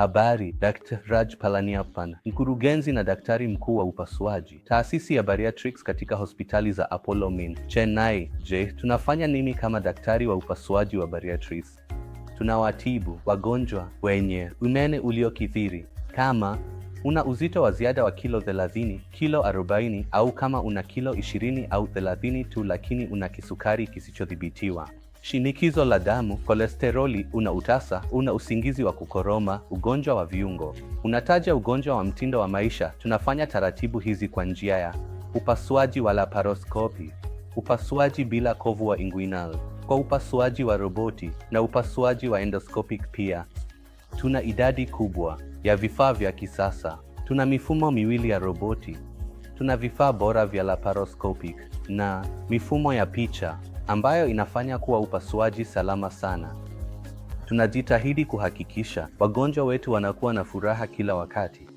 habari Dr. Raj Palaniappan, mkurugenzi na daktari mkuu wa upasuaji taasisi ya bariatrics katika hospitali za Apollo Min, Chennai. Je, tunafanya nini kama daktari wa upasuaji wa bariatrics? Tunawatibu wagonjwa wenye unene uliokithiri kama una uzito wa ziada wa kilo 30, kilo 40 au kama una kilo 20 au 30 tu, lakini una kisukari kisichodhibitiwa shinikizo la damu, kolesteroli, una utasa, una usingizi wa kukoroma, ugonjwa wa viungo. Unataja ugonjwa wa mtindo wa maisha. Tunafanya taratibu hizi kwa njia ya upasuaji wa laparoskopi, upasuaji bila kovu wa inguinal, kwa upasuaji wa roboti na upasuaji wa endoscopic pia. Tuna idadi kubwa ya vifaa vya kisasa. Tuna mifumo miwili ya roboti Tuna vifaa bora vya laparoscopic na mifumo ya picha ambayo inafanya kuwa upasuaji salama sana. Tunajitahidi kuhakikisha wagonjwa wetu wanakuwa na furaha kila wakati.